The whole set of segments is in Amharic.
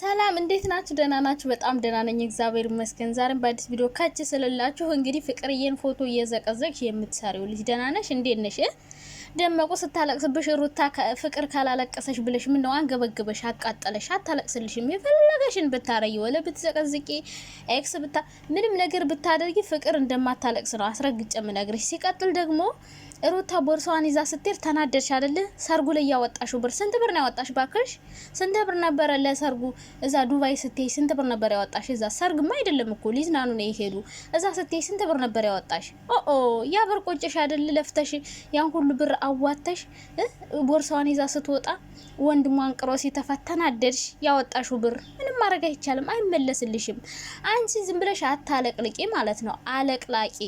ሰላም እንዴት ናችሁ? ደህና ናችሁ? በጣም ደህና ነኝ፣ እግዚአብሔር ይመስገን። ዛሬም በአዲስ ቪዲዮ ካች ስለላችሁ እንግዲህ ፍቅርዬን ፎቶ እየዘቀዘቅሽ የምትሰሪው ልጅ ደህና ነሽ? እንዴት ነሽ? ደመቁ ስታለቅስብሽ ሩታ ፍቅር ካላለቀሰሽ ብለሽ ምን ነው አንገበግበሽ አቃጠለሽ? አታለቅስልሽም። የፈለገሽን ብታረይ ወለ ብትዘቀዝቂ ኤክስ ብታ ምንም ነገር ብታደርጊ ፍቅር እንደማታለቅስ ነው አስረግጬ የምነግርሽ። ሲቀጥል ደግሞ ሩታ ቦርሳዋን ይዛ ስትሄድ ተናደድሽ አይደል? ሰርጉ ላይ ያወጣሽው ብር ስንት ብር ነው ያወጣሽ? ባክሽ ስንት ብር ነበረ ለሰርጉ? እዛ ዱባይ ስትሄጂ ስንት ብር ነበር ያወጣሽ? እዛ ሰርግማ አይደለም እኮ ሊዝናኑ ነው የሄዱ። እዛ ስትሄጂ ስንት ብር ነበር ያወጣሽ? ኦኦ ያ ብር ቆጭሽ አይደል? ለፍተሽ ያን ሁሉ ብር አዋተሽ ቦርሳዋን ይዛ ስትወጣ ወንድሟን ቅሮ ሲተፋ ተናደድሽ። ያወጣሽው ብር ምንም ማድረግ አይቻልም፣ አይመለስልሽም። አንቺ ዝም ብለሽ አታለቅልቂ ማለት ነው። አለቅላቂ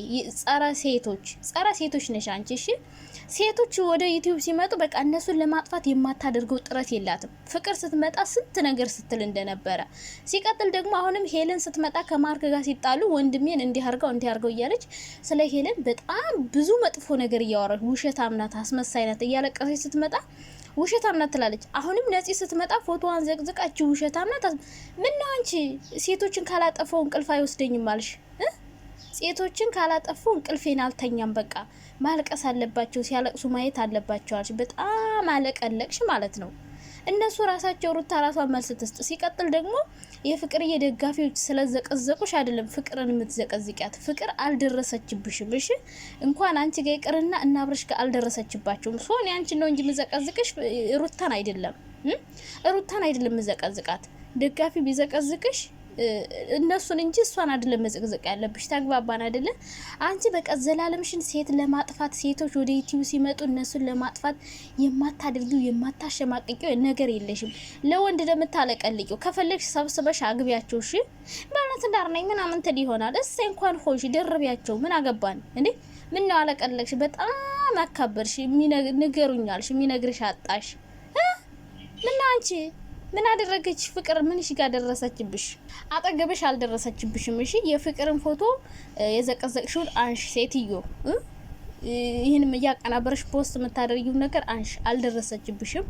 ጸረ ሴቶች ጸረ ሴቶች ነሽ አንቺ። እሺ ሴቶች ወደ ዩቲዩብ ሲመጡ በቃ እነሱን ለማጥፋት የማታደርገው ጥረት የላትም። ፍቅር ስትመጣ ስንት ነገር ስትል እንደነበረ ሲቀጥል ደግሞ አሁንም ሄለን ስትመጣ ከማርክ ጋር ሲጣሉ ወንድሜን እንዲያርገው እንዲያርገው እያለች ስለ ሄለን በጣም ብዙ መጥፎ ነገር እያወራች ውሸታም ናት፣ አስመሳይ ናት እያለቀሰች ስትመጣ ውሸታም ናት ትላለች። አሁንም ነፂ ስትመጣ ፎቶዋን ዘቅዝቃችሁ ውሸታም ናት። ምነው አንቺ ሴቶችን ካላጠፈው እንቅልፍ አይወስደኝም አልሽ? ሴቶችን ካላጠፉ እንቅልፌን አልተኛም። በቃ ማልቀስ አለባቸው፣ ሲያለቅሱ ማየት አልሽ። በጣም አለቀለቅሽ ማለት ነው። እነሱ ራሳቸው ሩታ ራሷን መልስ ትስጥ። ሲቀጥል ደግሞ የፍቅርዬ የደጋፊዎች ስለዘቀዘቁሽ አይደለም ፍቅርን የምትዘቀዝቂያት። ፍቅር አልደረሰችብሽም። እሺ እንኳን አንቺ ጋ ይቅርና እና አብረሽ አልደረሰችባቸውም። ሶን አንቺን ነው እንጂ ምዘቀዝቅሽ ሩታን አይደለም፣ ሩታን አይደለም ምዘቀዝቃት። ደጋፊ ቢዘቀዝቅሽ እነሱን እንጂ እሷን አይደለም መዘቅዘቅ ያለብሽ። ተግባባን አይደለ? አንቺ በቃ ዘላለምሽን ሴት ለማጥፋት ሴቶች ወደ ዩቲዩብ ሲመጡ እነሱን ለማጥፋት የማታደርጊው የማታሸማቅቂው ነገር የለሽም። ለወንድ እንደምታለቀልቂው ከፈለግሽ ሰብስበሽ አግቢያቸው። እሺ ማለት እንዳርነኝ ምናምን ትል ይሆናል። እሰይ እንኳን ሆንሽ ደርቢያቸው። ምን አገባን እንዴ? ምን ነው አለቀለቅሽ? በጣም አካበርሽ። ንገሩኛልሽ የሚነግርሽ አጣሽ ምና አንቺ ምን አደረገች ፍቅር? ምንሽ ጋር ደረሰችብሽ? አጠገብሽ አልደረሰችብሽም። እሺ የፍቅርን ፎቶ የዘቀዘቅሽውን አንሽ ሴትዮ ይህንም እያቀናበረሽ ፖስት የምታደርጊው ነገር አንሽ፣ አልደረሰችብሽም።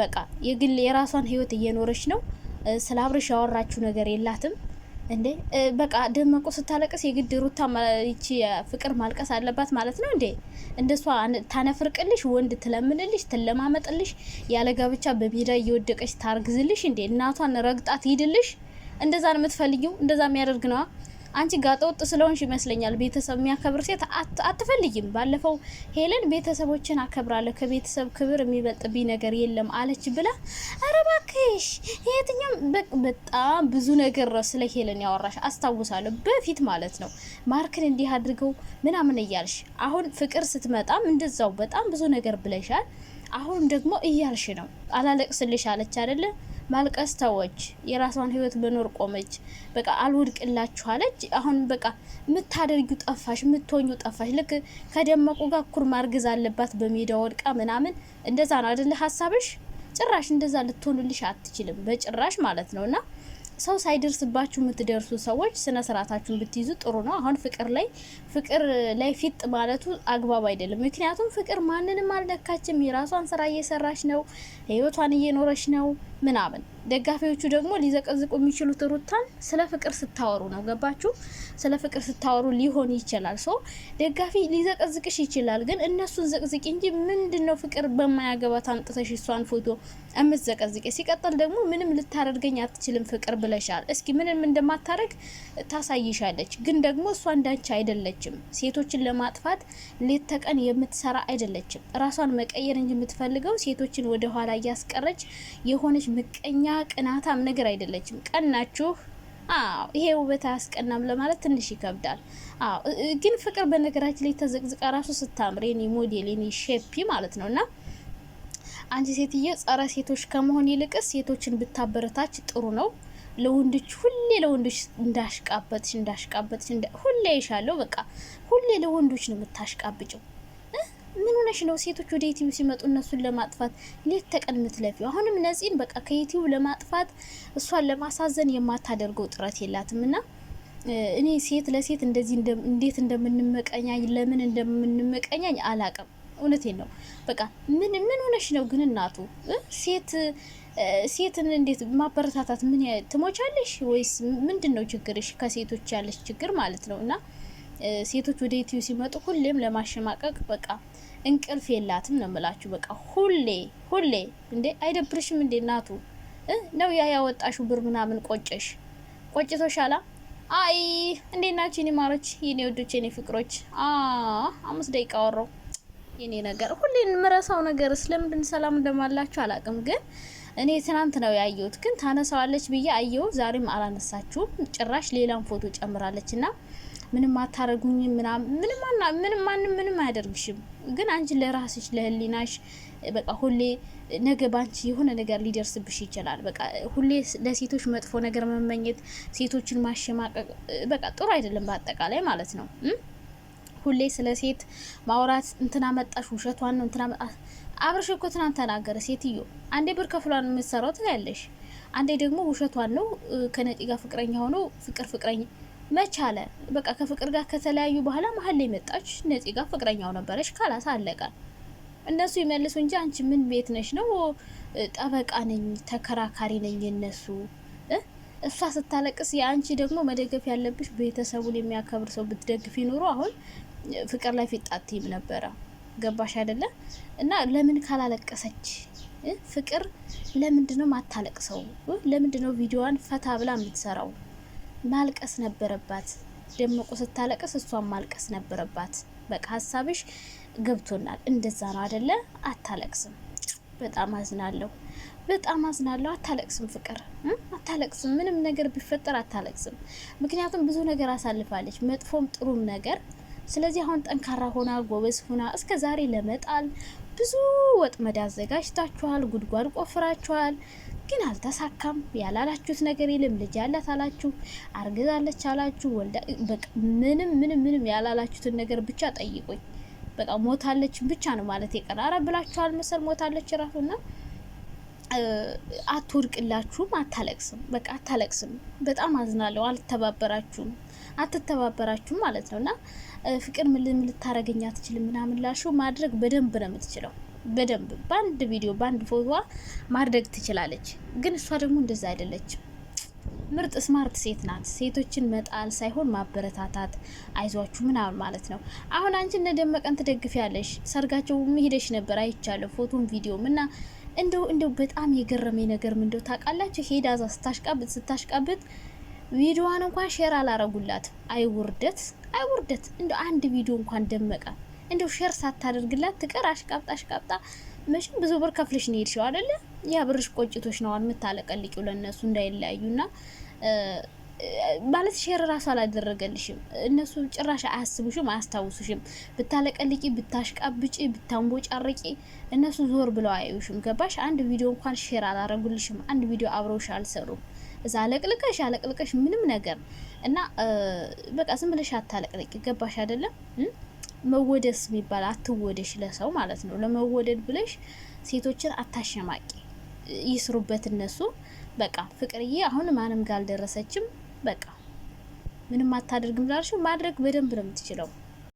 በቃ የግል የራሷን ህይወት እየኖረች ነው። ስለ ያወራችሁ ያወራችው ነገር የላትም። እንዴ በቃ ደመቆ ስታለቅስ የግድ ሩታ ይቺ ፍቅር ማልቀስ አለባት ማለት ነው እንዴ? እንደሷ ታነፍርቅልሽ፣ ወንድ ትለምንልሽ፣ ትለማመጥልሽ፣ ያለ ጋብቻ በሜዳ እየወደቀች ታርግዝልሽ እንዴ? እናቷን ረግጣት ሂድልሽ። እንደዛ ነው የምትፈልጊው? እንደዛ የሚያደርግ ነዋ። አንቺ ጋጠወጥ ስለሆንሽ ይመስለኛል ቤተሰብ የሚያከብር ሴት አትፈልጊም። ባለፈው ሄለን ቤተሰቦችን አከብራለሁ ከቤተሰብ ክብር የሚበልጥብኝ ነገር የለም አለች ብላ ኧረ እባክሽ የትኛም በጣም ብዙ ነገር ነው ስለ ሄለን ያወራሽ አስታውሳለሁ። በፊት ማለት ነው ማርክን እንዲህ አድርገው ምናምን እያልሽ አሁን ፍቅር ስትመጣም እንደዛው በጣም ብዙ ነገር ብለሻል። አሁን ደግሞ እያልሽ ነው አላለቅስልሽ አለች አይደለ ማልቀስ ተወች። የራሷን ህይወት መኖር ቆመች። በቃ አልወድቅላችሁ አለች። አሁን በቃ የምታደርጊው ጠፋሽ፣ የምትሆኙ ጠፋሽ። ልክ ከደመቁ ጋር ኩር ማርገዝ አለባት በሜዳ ወድቃ ምናምን እንደዛ ነው አይደለ ሀሳብሽ? ጭራሽ እንደዛ ልትሆንልሽ አትችልም በጭራሽ ማለት ነው እና ሰው ሳይደርስባችሁ የምትደርሱ ሰዎች ስነ ስርዓታችሁን ብትይዙ ጥሩ ነው። አሁን ፍቅር ላይ ፍቅር ላይ ፊጥ ማለቱ አግባብ አይደለም። ምክንያቱም ፍቅር ማንንም አልነካችም። የራሷን ስራ እየሰራች ነው፣ ህይወቷን እየኖረች ነው። ምናምን ደጋፊዎቹ ደግሞ ሊዘቀዝቁ የሚችሉት ሩታን ስለ ፍቅር ስታወሩ ነው። ገባችሁ? ስለ ፍቅር ስታወሩ ሊሆን ይችላል። ሶ ደጋፊ ሊዘቀዝቅሽ ይችላል፣ ግን እነሱን ዘቅዝቂ እንጂ ምንድን ነው ፍቅር በማያገባት አንጥተሽ እሷን ፎቶ የምትዘቀዝቂ? ሲቀጥል ደግሞ ምንም ልታደርገኝ አትችልም ፍቅር ብለሻል። እስኪ ምንም እንደማታደርግ ታሳይሻለች። ግን ደግሞ እሷ እንዳንቺ አይደለችም። ሴቶችን ለማጥፋት ሌት ተቀን የምትሰራ አይደለችም። ራሷን መቀየር እንጂ የምትፈልገው ሴቶችን ወደኋላ እያስቀረች የሆነች ምቀኛ ቅናታም ነገር አይደለችም። ቀናችሁ? አዎ ይሄ ውበት አያስቀናም ለማለት ትንሽ ይከብዳል። አዎ ግን ፍቅር በነገራችን ላይ ተዘቅዝቃ ራሱ ስታምር የኔ ሞዴል የኔ ሼፒ ማለት ነው እና አንቺ ሴትዬ ጸረ ሴቶች ከመሆን ይልቅስ ሴቶችን ብታበረታች ጥሩ ነው። ለወንዶች ሁሌ ለወንዶች እንዳሽቃበጥሽ እንዳሽቃበጥሽ ሁሌ ይሻለው። በቃ ሁሌ ለወንዶች ነው የምታሽቃብጭው። ምን ሆነሽ ነው? ሴቶች ወደ ዩቲዩብ ሲመጡ እነሱን ለማጥፋት ሌት ተቀን ምትለፊው። አሁንም ነፂን በቃ ከዩቲዩብ ለማጥፋት እሷን ለማሳዘን የማታደርገው ጥረት የላትም እና እኔ ሴት ለሴት እንደዚህ እንዴት እንደምንመቀኛኝ ለምን እንደምንመቀኛኝ አላቅም። እውነቴን ነው። በቃ ምን ምን ሆነሽ ነው ግን እናቱ ሴት ሴትን እንዴት ማበረታታት ምን ትሞቻለሽ? ወይስ ምንድን ነው ችግርሽ? ከሴቶች ያለሽ ችግር ማለት ነው እና ሴቶች ወደ ኢትዮ ሲመጡ ሁሌም ለማሸማቀቅ በቃ እንቅልፍ የላትም ነው የምላችሁ። በቃ ሁሌ ሁሌ እንዴ አይደብርሽም እንዴ እናቱ ነው ያ ያወጣሽው ብር ምናምን ቆጨሽ ቆጭቶሻላ? አይ እንዴት ናችሁ የኔ ማሮች፣ የኔ ወዶች፣ የኔ ፍቅሮች? አምስት ደቂቃ ወረው የኔ ነገር ሁሌ የምረሳው ነገር ስለምንድን ሰላም እንደማላችሁ አላቅም። ግን እኔ ትናንት ነው ያየሁት፣ ግን ታነሳዋለች ብዬ አየሁ። ዛሬም አላነሳችሁም ጭራሽ ሌላም ፎቶ ጨምራለች እና ምንም አታረጉኝ ምናምን ምንም ምንም ማንም ምንም አያደርግሽም። ግን አንቺ ለራስሽ ለህሊናሽ በቃ ሁሌ ነገ ባንቺ የሆነ ነገር ሊደርስብሽ ይችላል። በቃ ሁሌ ለሴቶች መጥፎ ነገር መመኘት፣ ሴቶችን ማሸማቀቅ በቃ ጥሩ አይደለም በአጠቃላይ ማለት ነው። ሁሌ ስለ ሴት ማውራት እንትና መጣሽ ውሸቷን ነው እንትና አብርሽ እኮ ትናንት ተናገረ። ሴትዮ አንዴ ብር ከፍሏን የምትሰራው ትላለሽ፣ አንዴ ደግሞ ውሸቷን ነው ከነጢ ጋር ፍቅረኛ ሆኖ ፍቅር ፍቅረኛ መቻለ በቃ ከፍቅር ጋር ከተለያዩ በኋላ መሀል ላይ መጣች። ነፂ ጋር ፍቅረኛው ነበረች። ካላስ አለቀ። እነሱ ይመልሱ እንጂ አንቺ ምን ቤት ነሽ ነው? ጠበቃ ነኝ፣ ተከራካሪ ነኝ እነሱ እሷ ስታለቅስ የአንቺ ደግሞ መደገፍ ያለብሽ ቤተሰቡን የሚያከብር ሰው ብትደግፍ ይኖሩ አሁን ፍቅር ላይ ፊጣትም ነበረ። ገባሽ አይደለ? እና ለምን ካላለቀሰች ፍቅር ለምንድነው ማታለቅሰው? ለምንድነው ቪዲዮዋን ፈታ ብላ የምትሰራው? ማልቀስ ነበረባት። ደመቁ ስታለቀስ እሷን ማልቀስ ነበረባት። በቃ ሀሳብሽ ገብቶናል። እንደዛ ነው አደለ? አታለቅስም። በጣም አዝናለሁ፣ በጣም አዝናለሁ። አታለቅስም ፍቅር፣ አታለቅስም። ምንም ነገር ቢፈጠር አታለቅስም። ምክንያቱም ብዙ ነገር አሳልፋለች፣ መጥፎም ጥሩም ነገር። ስለዚህ አሁን ጠንካራ ሆና ጎበዝ ሆና እስከ ዛሬ ለመጣል ብዙ ወጥመድ አዘጋጅታችኋል፣ ጉድጓድ ቆፍራችኋል። ግን አልተሳካም። ያላላችሁት ነገር የለም። ልጅ ያላት አላችሁ፣ አርግዛለች አላችሁ፣ ወልዳ ምንም ምንም ምንም ያላላችሁትን ነገር ብቻ ጠይቁኝ። በቃ ሞታለች ብቻ ነው ማለት የቀራረ ብላችኋል መሰል ሞታለች ራሱና አትወድቅላችሁም፣ አታለቅስም። በቃ አታለቅስም። በጣም አዝናለሁ። አልተባበራችሁም፣ አትተባበራችሁም ማለት ነው እና ፍቅር ምን ልታረገኝ አትችልም ምናምን ላሹ ማድረግ በደንብ ነው የምትችለው በደንብ በአንድ ቪዲዮ በአንድ ፎቶዋ ማድረግ ትችላለች። ግን እሷ ደግሞ እንደዛ አይደለችም። ምርጥ ስማርት ሴት ናት። ሴቶችን መጣል ሳይሆን ማበረታታት፣ አይዟችሁ ምናምን ማለት ነው። አሁን አንቺ እነ ደመቀን ትደግፊያለሽ። ሰርጋቸው ሄደሽ ነበር አይቻለሁ፣ ፎቶን ቪዲዮም እና እንደው እንደው በጣም የገረመኝ ነገር ምን እንደው ታውቃላችሁ፣ ሄዳ እዛ ስታሽቃብጥ ስታሽቃብጥ ቪዲዮዋን እንኳን ሼር አላረጉላት። አይውርደት አይውርደት! እንደው አንድ ቪዲዮ እንኳን ደመቀ እንደው ሼር ሳታደርግላት ትቀር አሽቃብጣ አሽቃብጣ መቼም ብዙ ብር ከፍልሽ ነው ሄድሽው አይደለ? ያ ብርሽ ቆጭቶሽ ነው የምታለቀልቂው ለእነሱ እንዳይለያዩና ማለት ሼር እራሱ አላደረገልሽም። እነሱ ጭራሽ አያስቡሽም፣ አያስታውሱሽም። ብታለቀልቂ፣ ብታሽቃብጪ፣ ብታንቦጫርቂ እነሱ ዞር ብለው አያዩሽም። ገባሽ? አንድ ቪዲዮ እንኳን ሼር አላረጉልሽም። አንድ ቪዲዮ አብረውሽ አልሰሩም። እዛ አለቅልቀሽ አለቅልቀሽ ምንም ነገር እና በቃ ዝም ብለሽ አታለቅልቂ። ገባሽ አይደለም? መወደስ የሚባል አትወደሽ ለሰው ማለት ነው። ለመወደድ ብለሽ ሴቶችን አታሸማቂ። ይስሩበት እነሱ በቃ ፍቅርዬ አሁን ማንም ጋር አልደረሰችም፣ በቃ ምንም አታደርግም ላልሽው ማድረግ በደንብ ነው የምትችለው።